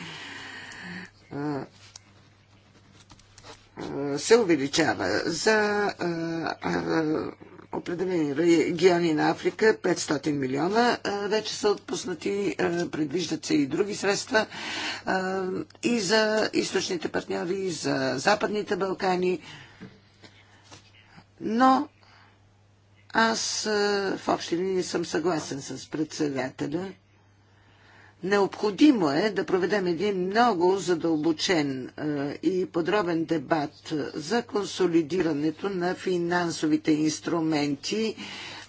се увеличава. За определени региони на Африка 500 милиона вече са отпуснати, предвиждат се и други средства и за източните партньори, и за Западните Балкани. Но аз в общи линии съм съгласен с председателя. Необходимо е да проведем един много задълбочен е, и подробен дебат за консолидирането на финансовите инструменти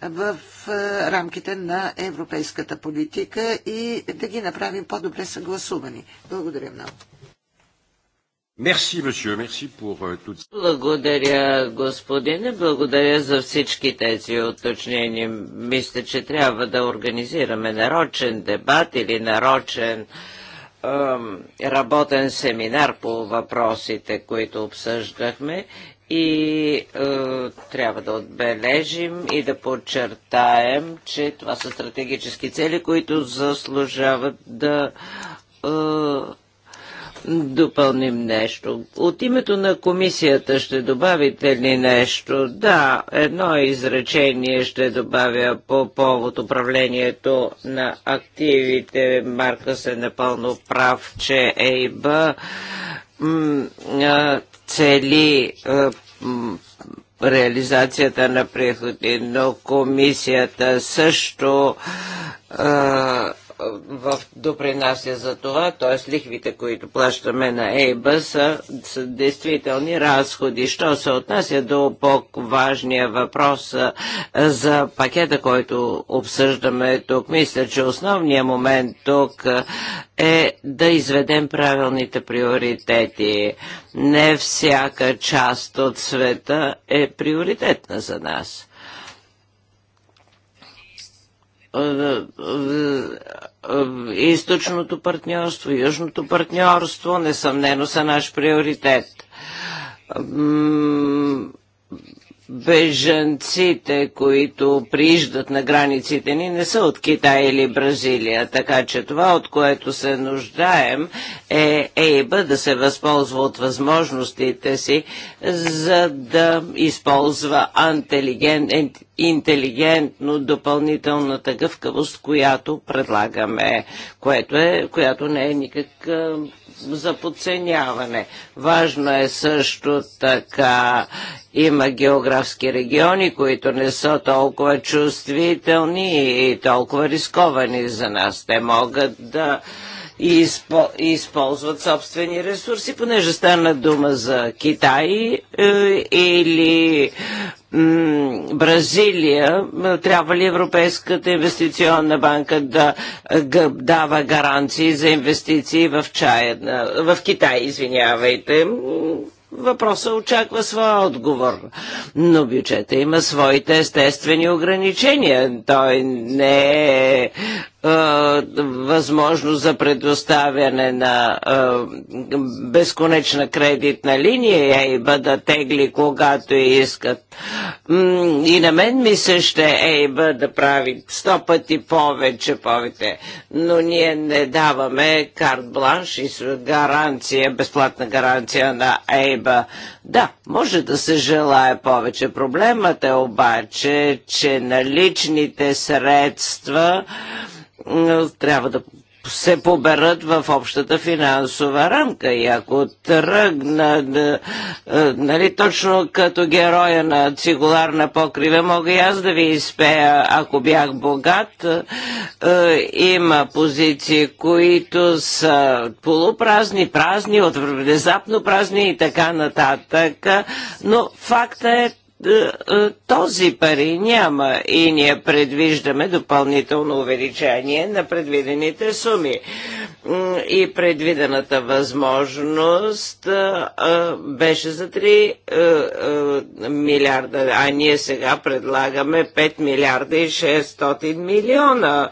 в е, рамките на европейската политика и да ги направим по-добре съгласувани. Благодаря много. Мерси, месье, мерси Благодаря, господине, благодаря за всички тези уточнения. Мисля, че трябва да организираме нарочен дебат или нарочен ем, работен семинар по въпросите, които обсъждахме и е, трябва да отбележим и да подчертаем, че това са стратегически цели, които заслужават да е, допълним нещо. От името на комисията ще добавите ли нещо? Да, едно изречение ще добавя по повод управлението на активите. Марка се напълно прав, че ЕИБ цели реализацията на приходи, но комисията също а, в, допринася за това, т.е. лихвите, които плащаме на ЕИБ са, са действителни разходи. Що се отнася до по-важния въпрос за пакета, който обсъждаме тук, мисля, че основният момент тук е да изведем правилните приоритети. Не всяка част от света е приоритетна за нас е, е, е, източното партньорство, южното партньорство, несъмнено са наш приоритет бежанците, които прииждат на границите ни, не са от Китай или Бразилия. Така че това, от което се нуждаем, е ЕИБА да се възползва от възможностите си, за да използва интелигент, интелигентно допълнителната гъвкавост, която предлагаме, което е, която не е никак за подценяване. Важно е също така има географски региони, които не са толкова чувствителни и толкова рисковани за нас. Те могат да използват собствени ресурси, понеже стана дума за Китай е, или Бразилия, трябва ли Европейската инвестиционна банка да дава гаранции за инвестиции в, чая, в Китай, извинявайте. Въпросът очаква своя отговор. Но бюджета има своите естествени ограничения. Той не е възможност за предоставяне на безконечна кредитна линия и ЕИБА да тегли когато и искат. И на мен ми се ще ЕИБА да прави сто пъти повече повече, но ние не даваме карт бланш и гаранция, безплатна гаранция на ЕИБА. Да, може да се желая повече. Проблемът е обаче, че наличните средства трябва да се поберат в общата финансова рамка. И ако тръгна, да, е, нали, точно като героя на цигуларна покрива, мога и аз да ви изпея, ако бях богат. Е, е, има позиции, които са полупразни, празни, от внезапно празни и така нататък. Но факта е е, е, този пари няма и ние предвиждаме допълнително увеличение на предвидените суми и предвидената възможност е, беше за 3 милиарда, а ние сега предлагаме 5 милиарда и 600 милиона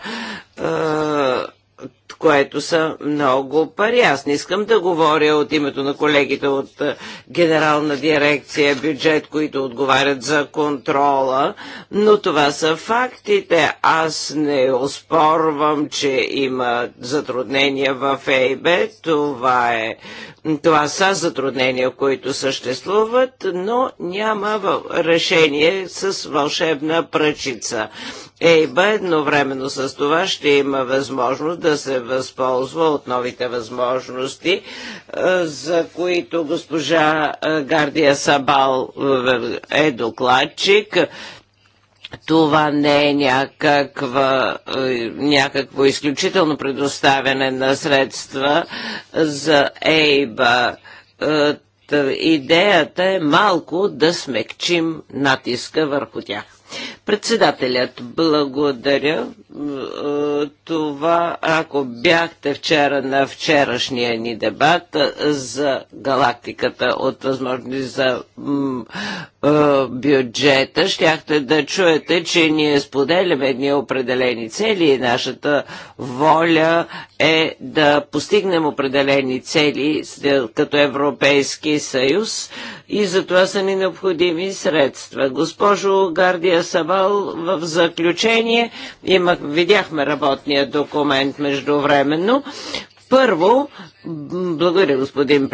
което са много пари. Аз не искам да говоря от името на колегите от е, Генерална дирекция бюджет, които отговарят за контрола, но това са фактите. Аз не оспорвам, че има затруднения в ЕИБ. Това, е, това са затруднения, които съществуват, но няма решение с вълшебна пръчица. ЕИБА едновременно с това ще има възможност да се възползва от новите възможности, е, за които госпожа е, Гардия Сабал е, е докладчик. Това не е някаква, някакво изключително предоставяне на средства за ЕИБА идеята е малко да смекчим натиска върху тях. Председателят, благодаря. Е, това, ако бяхте вчера на вчерашния ни дебат е, за галактиката от възможности за е, бюджета, щяхте да чуете, че ние споделяме едни определени цели и нашата воля е да постигнем определени цели като Европейски съюз и за това са ни необходими средства. Госпожо Гардия Саба, в заключение имах, видяхме работния документ междувременно. Първо, благодаря господин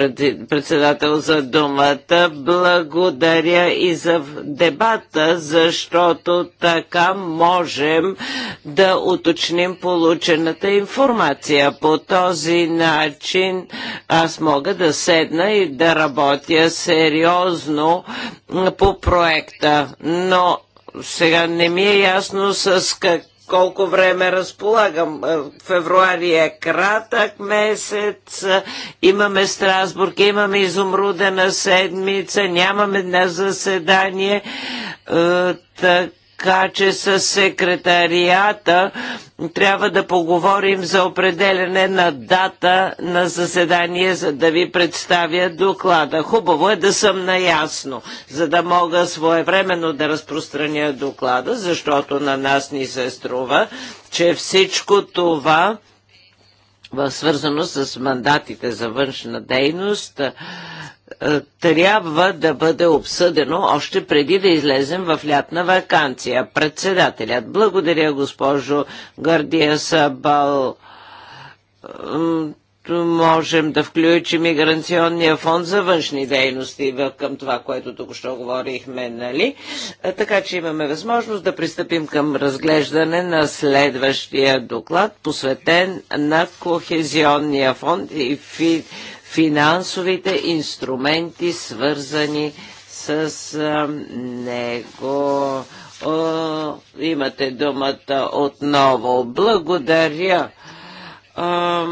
председател за думата, благодаря и за дебата, защото така можем да уточним получената информация. По този начин аз мога да седна и да работя сериозно по проекта, но сега не ми е ясно с как колко време разполагам. Е, февруари е кратък месец, е, имаме Страсбург, имаме изумрудена седмица, нямаме днес заседание, е, так така че с секретарията трябва да поговорим за определене на дата на заседание, за да ви представя доклада. Хубаво е да съм наясно, за да мога своевременно да разпространя доклада, защото на нас ни се струва, че всичко това свързано с мандатите за външна дейност, е, трябва да бъде обсъдено още преди да излезем в лятна вакансия. Председателят, благодаря госпожо Гардия Сабал. Можем да включим и гаранционния фонд за външни дейности към това, което тук що говорихме, нали? Е, така че имаме възможност да пристъпим към разглеждане на следващия доклад, посветен на Кохезионния фонд и финансирането финансовите инструменти, свързани с а, него. О, имате думата отново. Благодаря. А,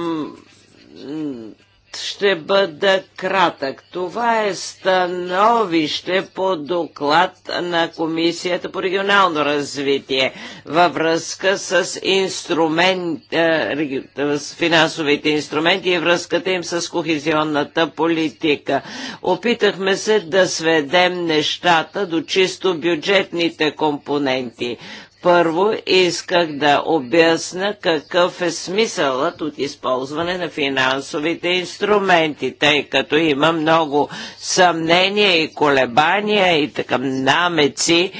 ще бъда кратък. Това е становище по доклад на Комисията по регионално развитие във връзка с, инструмент, е, с финансовите инструменти и връзката им с кохезионната политика. Опитахме се да сведем нещата до чисто бюджетните компоненти. Първо исках да обясна какъв е смисълът от използване на финансовите инструменти, тъй като има много съмнения и колебания и така намеци,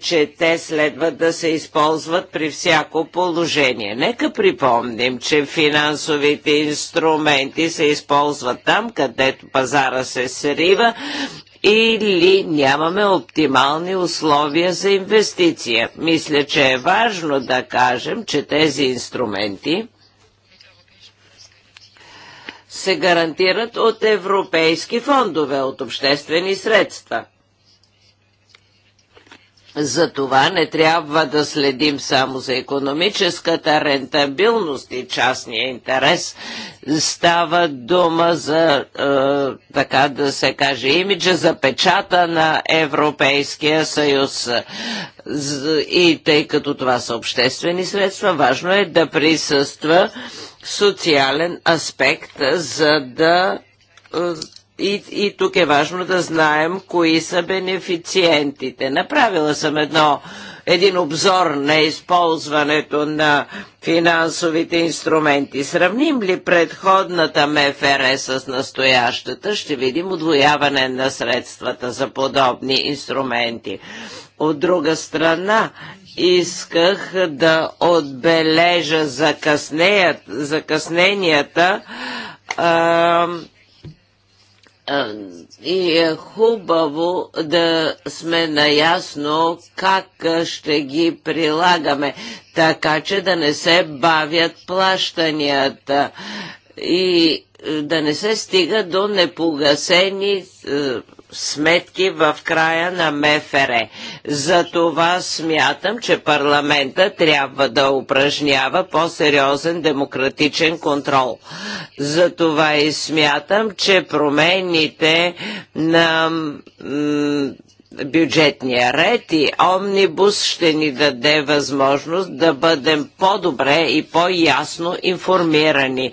че те следва да се използват при всяко положение. Нека припомним, че финансовите инструменти се използват там, където пазара се срива или нямаме оптимални условия за инвестиция. Мисля, че е важно да кажем, че тези инструменти се гарантират от европейски фондове, от обществени средства – затова не трябва да следим само за економическата рентабилност и частния интерес. Става дума за, е, така да се каже, имиджа за печата на Европейския съюз. И тъй като това са обществени средства, важно е да присъства социален аспект, за да е, и, и тук е важно да знаем кои са бенефициентите. Направила съм едно, един обзор на използването на финансовите инструменти. Сравним ли предходната МФР с настоящата, ще видим удвояване на средствата за подобни инструменти. От друга страна, исках да отбележа закъсненията, закъсненията а, и е хубаво да сме наясно как ще ги прилагаме, така че да не се бавят плащанията и е, да не се стига до непогасени е, сметки в края на МФР. Затова смятам, че парламента трябва да упражнява по-сериозен демократичен контрол. Затова и смятам, че промените на бюджетния ред и омнибус ще ни даде възможност да бъдем по-добре и по-ясно информирани,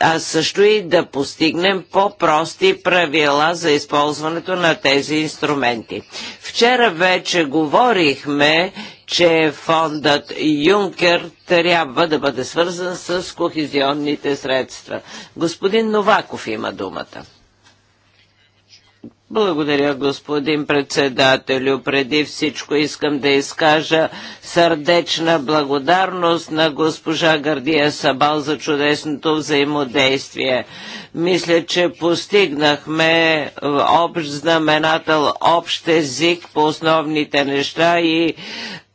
а също и да постигнем по-прости правила за използването на тези инструменти. Вчера вече говорихме, че фондът Юнкер трябва да бъде свързан с кохезионните средства. Господин Новаков има думата. Благодаря, господин председателю. Преди всичко искам да изкажа сърдечна благодарност на госпожа Гардия Сабал за чудесното взаимодействие. Мисля, че постигнахме общ знаменател, общ език по основните неща и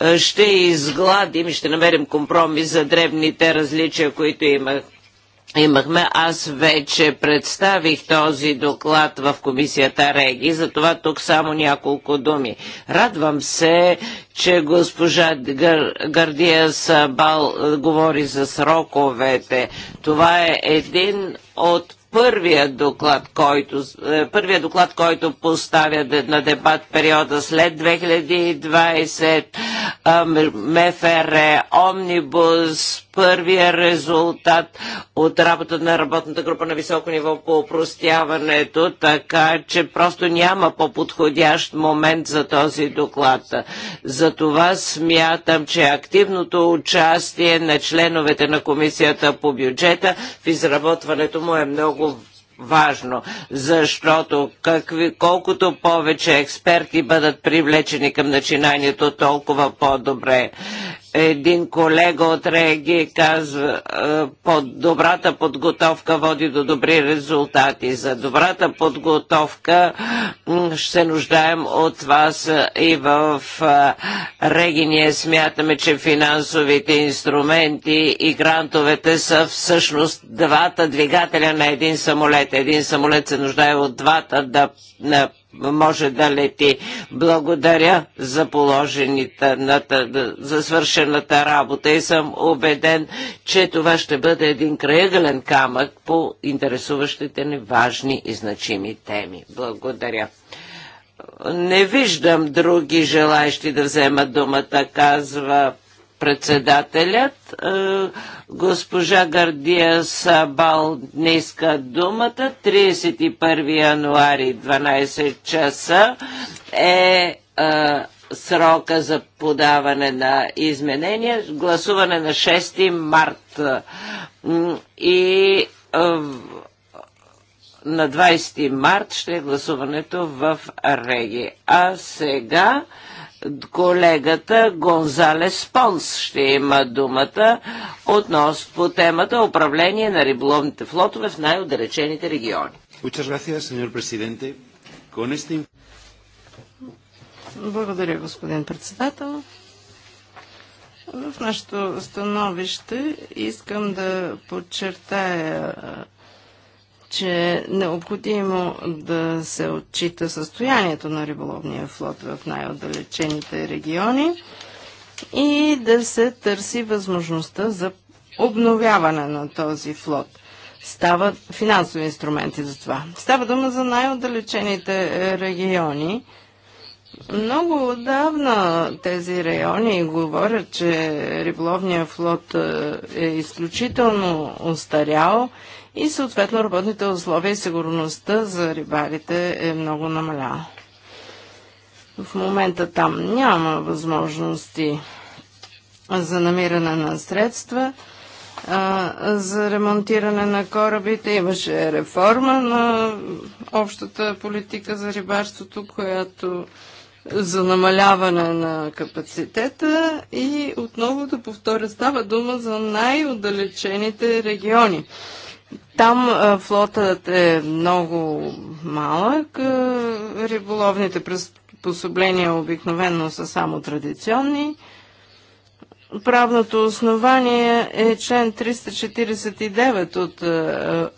е, ще изгладим, ще намерим компромис за древните различия, които имах имахме. Аз вече представих този доклад в комисията Реги, затова тук само няколко думи. Радвам се, че госпожа Гър... Гърдия Сабал е, говори за сроковете. Това е един от първият доклад, който, е, първия доклад, който поставя на дебат периода след 2020, МФР, е Омнибус, първия резултат от работа на работната група на високо ниво по упростяването, така че просто няма по-подходящ момент за този доклад. Затова смятам, че активното участие на членовете на Комисията по бюджета в изработването му е много важно, защото какви, колкото повече експерти бъдат привлечени към начинанието, толкова по-добре един колега от Реги казва, е, под добрата подготовка води до добри резултати. За добрата подготовка ще се нуждаем от вас и в е, Реги. Ние смятаме, че финансовите инструменти и грантовете са всъщност двата двигателя на един самолет. Един самолет се нуждае от двата да може да лети. Благодаря за положените, за свършената работа и съм убеден, че това ще бъде един краъгълен камък по интересуващите ни важни и значими теми. Благодаря. Не виждам други желаящи да вземат думата, казва председателят. Е, госпожа Гардия Сабал не иска думата. 31 януари 12 часа е, е срока за подаване на изменения, гласуване на 6 март и е, на 20 март ще е гласуването в Реги. А сега колегата Гонзалес Понс ще има думата относно по темата управление на риболовните флотове в най-отдалечените региони. Благодаря, господин председател. В нашето становище искам да подчертая че е необходимо да се отчита състоянието на риболовния флот в най-отдалечените региони и да се търси възможността за обновяване на този флот. Става финансови инструменти за това. Става дума за най-отдалечените е, региони. Много отдавна тези райони говорят, че риболовният флот е, е изключително устарял и съответно работните условия и сигурността за рибарите е много намаляла. В момента там няма възможности за намиране на средства за ремонтиране на корабите. Имаше реформа на общата политика за рибарството, която за намаляване на капацитета и отново да повторя, става дума за най-отдалечените региони. Там флотът е много малък, риболовните приспособления обикновено са само традиционни. Правното основание е член 349 от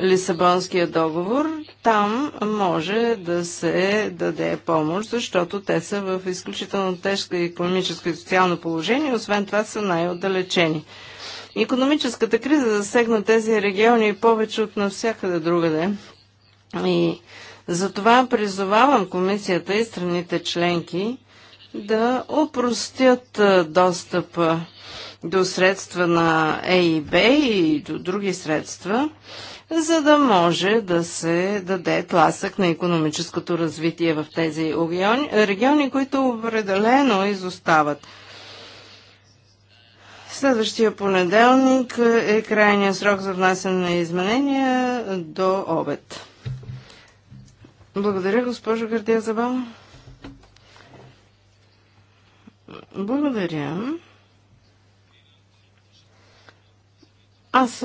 Лисабонския договор. Там може да се даде помощ, защото те са в изключително тежко економическо и социално положение, освен това са най-отдалечени. Економическата криза засегна тези региони повече от навсякъде другаде. И затова призовавам комисията и страните членки да опростят достъпа до средства на ЕИБ и до други средства, за да може да се даде тласък на економическото развитие в тези региони, които определено изостават. Следващия понеделник е крайният срок за внасяне на изменения до обед. Благодаря, госпожо Гардия Забал. Благодаря. Аз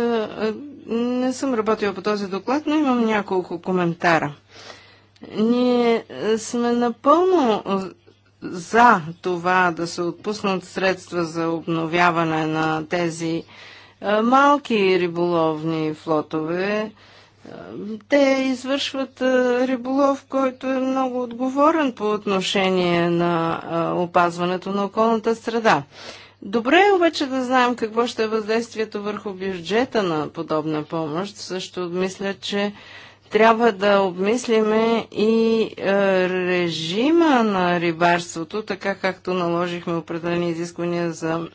не съм работила по този доклад, но имам няколко коментара. Ние сме напълно за това да се отпуснат средства за обновяване на тези е, малки риболовни флотове. Е, те извършват е, риболов, който е много отговорен по отношение на опазването на околната среда. Добре е обаче да знаем какво ще е въздействието върху бюджета на подобна помощ. Също мисля, че трябва да обмислиме и е, режима на рибарството, така както наложихме определени изисквания за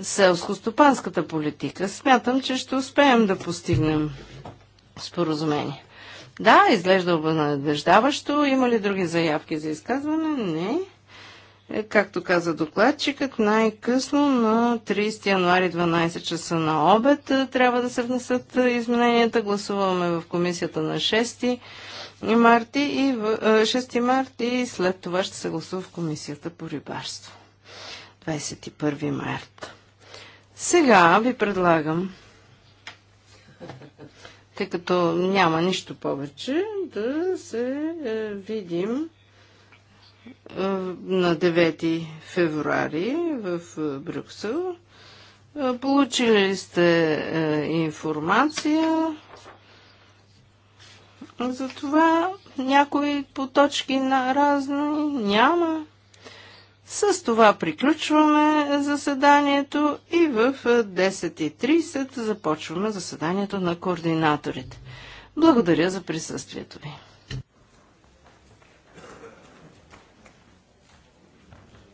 селско-стопанската политика. Смятам, че ще успеем да постигнем споразумение. Да, изглежда обнадеждаващо. Има ли други заявки за изказване? Не. Е, както каза докладчикът, най-късно на 30 януари 12 часа на обед е, трябва да се внесат е, измененията. Гласуваме в комисията на 6 марти и, в 6 марти и след това ще се гласува в комисията по рибарство. 21 март. Сега ви предлагам, тъй като няма нищо повече, да се видим е, на 9 февруари в е, Брюксел. Е, получили сте информация. Затова някои поточки на разни няма. С това приключваме заседанието и в 10.30 започваме заседанието на координаторите. Благодаря за присъствието ви.